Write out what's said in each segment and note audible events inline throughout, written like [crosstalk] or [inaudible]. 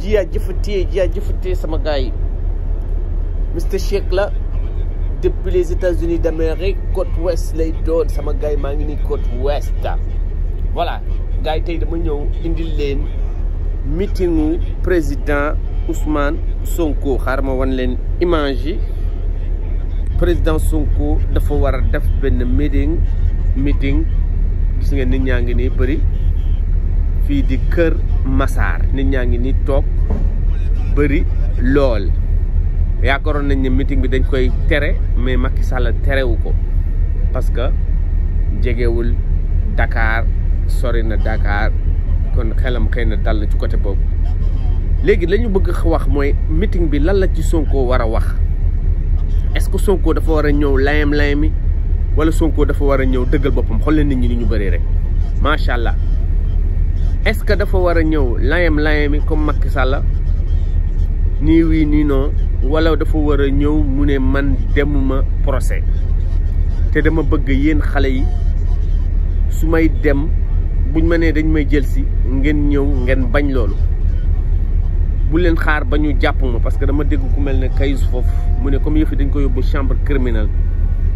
jiyaa jëfatee jiyaa jëfatee sama gars yi Mister Shake la depuis les États-Unis d'Amérique côte ouest lay doon sama gars yi maa ngi nii côte ouest voilà gars yi tey dama ñëw indi leen meetingu président Ousmane Sonko xaar ma wan leen image président Sonko dafa war a def benn meeting meeting gis nit ñaa ngi ne bëri fii di kër Massar nit ñaa ngi ni toog bëri lool yaakaaroon nañ ne meeting bi dañ koy tere mais Macky Sall terewu ko parce que jegewul dakaar sori na Dakar kon xelam xëy na dal na ci côté boobu léegi lañu bëgg wax mooy meeting bi lan la ci Sonko war a wax est-ce que Sonko dafa war a ñëw layam layami wala Sonko dafa war a ñëw dëggal boppam xool leen nit ñi ni ñu bëri rek macha allah. est-ce que dafa war a ñëw layam layam yi comme Macky Sall nii wii nii noo wala dafa war a ñëw mu ne man demuma procès te dama bëgg yéen xale yi su may dem buñ ma nee dañ may jël si ngeen ñëw ngeen bañ loolu bu leen xaar ba ñu jàpp ma parce que dama dégg ku mel ne Kayz foofu mu ne comme yëf dañ ko yóbbu chambre criminelle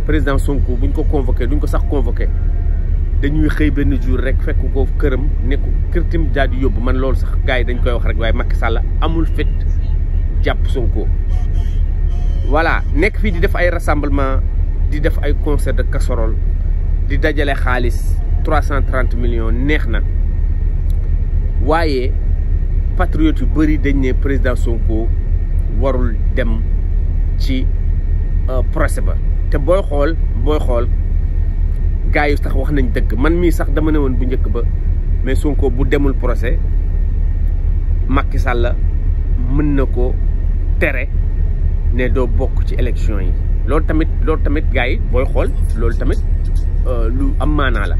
président Sonko buñ ko convoqué duñ ko sax convoqué dañuy xey ben jour rek fekk ko kërëm ne ko daal di yóbbu man loolu sax gars yi dañ koy wax rek waaye Macky Sall amul fit jàpp Sonko voilà nekk fii di def ay rassemblement di def ay concert de casserole di dajale xaalis 330 millions neex na waaye patriotes yu bëri dañ ne président Sonko warul dem ci euh, procès ba te booy xool booy xool gars yi sax wax nañ dëgg man mii sax dama ne woon bu njëkk ba mais Sonko bu demul procès Macky Sall mën na ko tere ne doo bokk ci élection yi loolu tamit loolu tamit gars yi booy xool loolu tamit euh, lu am maanaa la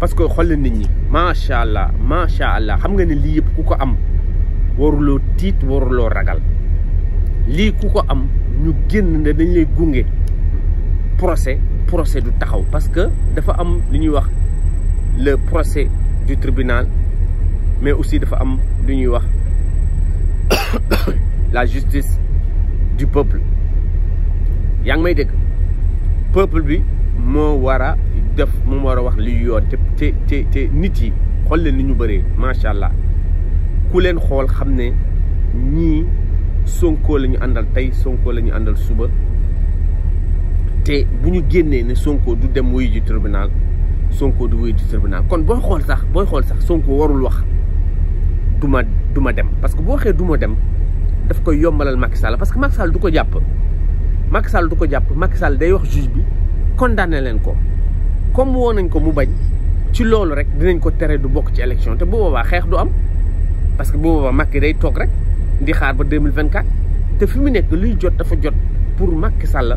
parce que xool nit ñi macha allah macha allah xam nga ne lii yëpp ku ko am waruloo tiit waruloo ragal lii ku ko am ñu génn ne dañ lay gunge procès procès du taxaw parce que dafa am lu wax le procès du tribunal mais aussi dafa am lu wax [coughs] la justice du peuple yang may deug peuple bi mo wara def mo wara wax li yoon te te te te nit yi xool leen ni ñu bëree allah ku len xol xam ñi Sonko lañu andal tay Sonko lañu andal suba te bu ñu génnee ne Sonko du dem wuyu ji tribunal Sonko du wuyu ji tribunal kon booy xool sax booy xool sax Sonko warul wax du ma du ma dem parce que boo waxee du ma dem daf koy yombalal Macky Sall parce que Macky Sall du ko jàpp Macky Sall du ko jàpp Macky Sall day wax juge bi condamné leen ko comme woo nañ ko mu bañ ci loolu rek dinañ ko tere du bokk ci élection te boobaa xeex du am parce que bu boobaa Macky day toog rek di xaar ba 2024 te fi mu nekk luy jot dafa jot pour Macky Sall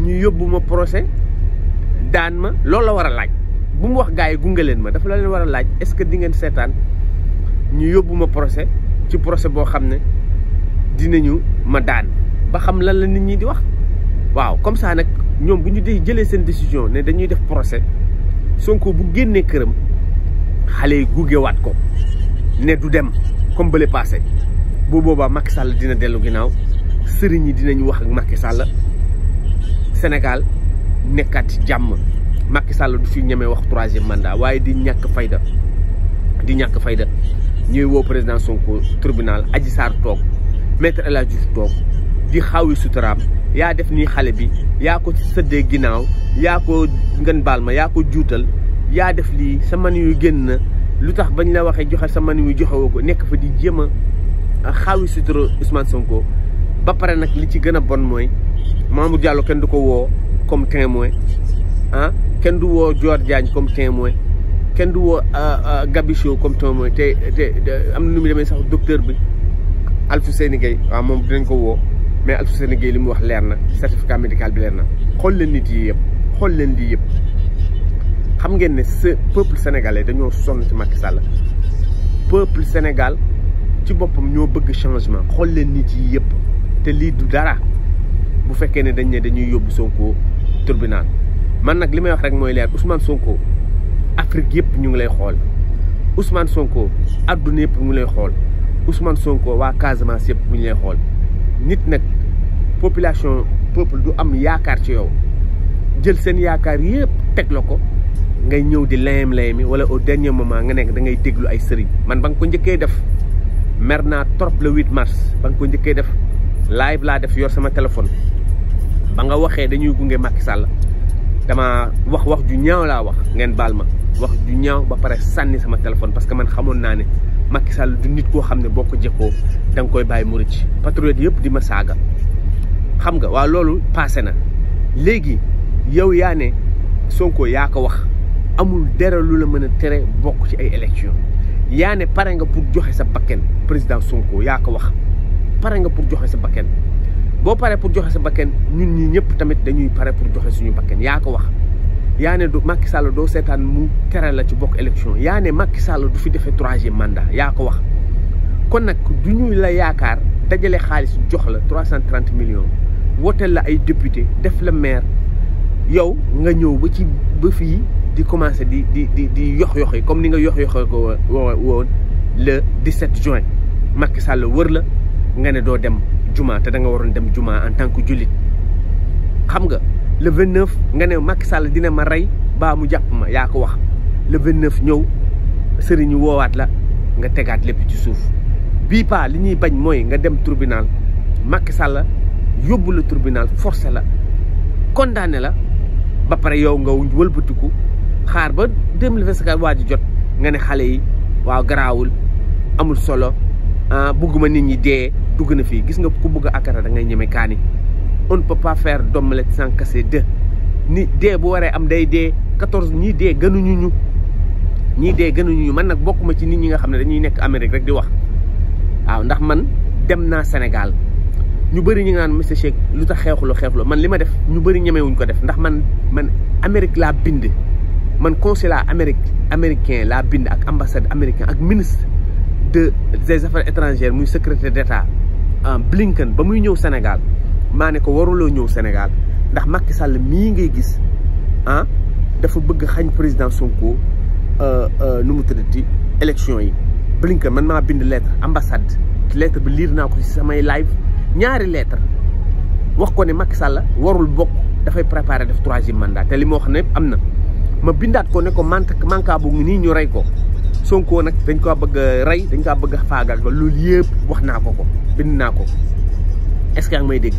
ñu yóbbu ma procès daan ma loolu la war a laaj bu mu wax gars yi gunge leen ma dafa la leen war a laaj est-ce que di seetaan ñu yóbbu ma procès ci procès boo xam ne dina dinañu ma daan ba xam lan la nit ñi di wax waaw comme ça nag ñoom bu ñu dee jëlee seen décision ne dañuy def procès Sonko bu génnee këram xale yi gugewaat ko ne du dem comme bële passé bu boobaa Macky Sall dina dellu ginnaaw sëriñ yi dinañu wax ak Macky Sall Sénégal nekkaat jàmm Macky Sall du fi ñemee wax troisième mandat waaye di ñàkk fayda di ñàkk fayda ñuy woo président Sonko tribunal aji Sarr toog maître El Hadji toog di xaawi suturaam yaa def nii xale bi yaa ko sëddee ginnaaw yaa ko ngeen baal ma yaa ko juutal yaa def lii sa man yu génn na lu tax bañ la waxee joxe sa man yu joxewoo ko nekk fa di jéem a xaawi sutura Ousmane Sonko ba paré nak li ci gëna a bon mooy Mamour Diallo du ko comme témoin hein? Ah, kèn du wo comme témoin du euh, euh, comme témoin té té am mais sax docteur bi Alfousseyni ko mais Alfousseyni Gueye gay limu wax certificat médical bi lérna xol le nit yi ce peuple sénégalais dañoo sonn ci peuple Sénégal ci boppam ñoo bëgg changement te lii du dara bu fekkee ne dañ ne dañuy yóbbu sonkoo tribunal man nag li may wax rek mooy leer Ousmane Sonko Afrique yëpp ñu ngi lay xool Ousmane Sonko adduna yëpp ñu lay xool Ousmane Sonko waa Casamance yëpp ñu lay xool nit nag population peuple du am yaakaar ci yow jël seen yaakaar yëpp teg la ko ngay ñëw di layam layami wala au dernier moment nga nekk da ngay déglu ay sëriñ man ba nga ko njëkkee def mer naa trop le 8 mars ba nga ko njëkkee def. live la def yor sama téléphone ba nga waxee dañuy gungé Macky Sall dama wax wax ju ñaaw la wax ngén baal ma wax ju ñaaw ba paré sanni sama téléphone parce que man xamoon na né Macky Sall du nit ko xamné ne boo dang koy bàyyi mu patrouille yépp di ma saga xam nga wa lolu passé na légui yow ya né Sonko ya ko wax amul dara lu la mëna téré tere bokk ci ay élection ya né pare nga pour joxé sa bakken président Sonko ya ko wax pare nga pour joxe sa bakken boo paree pour joxe sa bakken ñun ñi ñëpp tamit dañuy pare pour joxe suñu bakken yaa ko wax yaa ne du Macky Sall doo seetaan mu tere la ci bokk élection yaa ne Macky Sall du fi defee troisième mandat yaa ko wax kon nag du ñu la yaakaar dajale xaalis jox la trois cent trente millions wooteel la ay député def la maire yow nga ñëw ba ci ba fii di commencé di di di di yox yoxi comme ni nga yox yoxee ko woon le 17 juin Macky Sall wër la nga ne doo dem juma te da nga waroon dem juma en tant que jullit xam nga le 29 nga ne Macky Sall dina ma rey baa mu jàpp ma yaa ko wax le 29 ñëw sëriñ woowaat la nga tegaat lépp ci suuf bii paa li ñuy bañ mooy nga dem tribunal Macky Sall yóbbu la tribunal forcé la condamné la ba pare yow nga wëlbatiku xaar ba 2024 waa ji jot nga ne xale yi waa garaawul amul solo. ah bugguma nit ñi dee dugg na fii gis nga ku bugg akara da ngay ñeme kaani on ne peut pas faire d'omelette sans casser ni dee bu waree am day dee quatorze ñii dee gënuñu ñu ñii dee gënuñu ñu man nag bokkuma ci nit ñi nga xam ne dañuy nekk Amérique rek di wax waaw ndax man dem naa Sénégal ñu bari ñu naan monsieur Cheikh lu tax xeexuloo xeexuloo man li ma def ñu bëri ñemewuñ ko def ndax man man amerique laa bind man consulat amerique américain laa bind ak ambassade américain ak ministre de des affaires étrangères muy secrétaire d'État euh, Blinken ba muy ñëw Sénégal maa ne ko waruloo ñëw Sénégal ndax makki sàll mii ngay gis ah dafa bëgg xañ président Sonko euh, euh, nu mu tëddati élection yi Blinken man maa bind lettre ambassade lettre bi liir naa ko ci samay live ñaari lettre wax ko ne Macky Sall warul bokk dafay préparer def troisième mandat te li ma wax ne am na ma bindaat ko ne ko manta manka bu ngi nii ñu rey ko Sonko nag dañ ko bëgg a rey dañ kaa bëgg a faagaagal loolu yëpp wax naa ko ko bind naa ko est may dégg.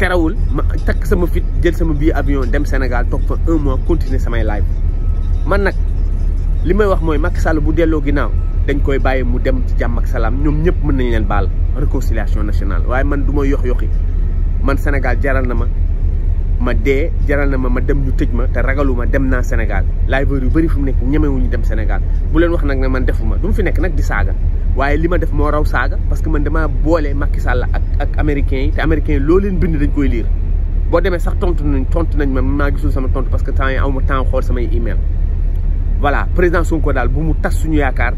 terewul ma takk sama fit jël sama bii avion dem Sénégal toog fa un mois continuer samay live man nag li may wax mooy Macky Sall bu delloo ginnaaw dañ koy bàyyi mu dem ci jàmm ak salaam ñoom ñëpp mën nañ leen baal réconciliation national waaye man du ma yox yoxi man Sénégal jaral na ma ma dee jaral na ma ma dem ñu tëj ma te ragaluma dem naa Sénégal liveur yu bëri fu mu nekk ñemewuñu dem Sénégal bu leen wax nag na man defuma du mu fi nekk nag di saaga waaye li ma def moo raw saaga parce que man damaa boolee Macky sàll ak ak américains yi te américains yi loo leen bind dañ koy liir boo demee sax tontu nañ tontu nañ ma maa gisul sama tontu parce que temps yi aw ma temps xool samay voilà président Sonko daal bu mu tas suñu yaakaar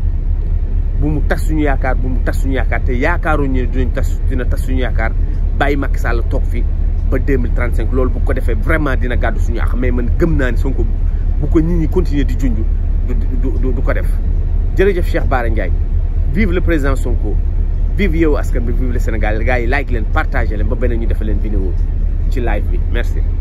bu mu tas suñu yaakaar mu tas suñu yaakaar te yaakaaruñu ne dinañ tas dina tas suñu yaakaar bàyyi Macky Sall toog fii ba 2035 lolou bu ko defé vraiment dina gàddu suñu àq mais man gëm naa ni Sonko bu ko nit ñi continuer di jundju du du du ko def jërëjëf Cheikh bare ndjay vive le président Sonko vive yow askan bi vive le Sénégal gars yi like len partager len ba beneen ñu defal len vidéo ci live bi merci.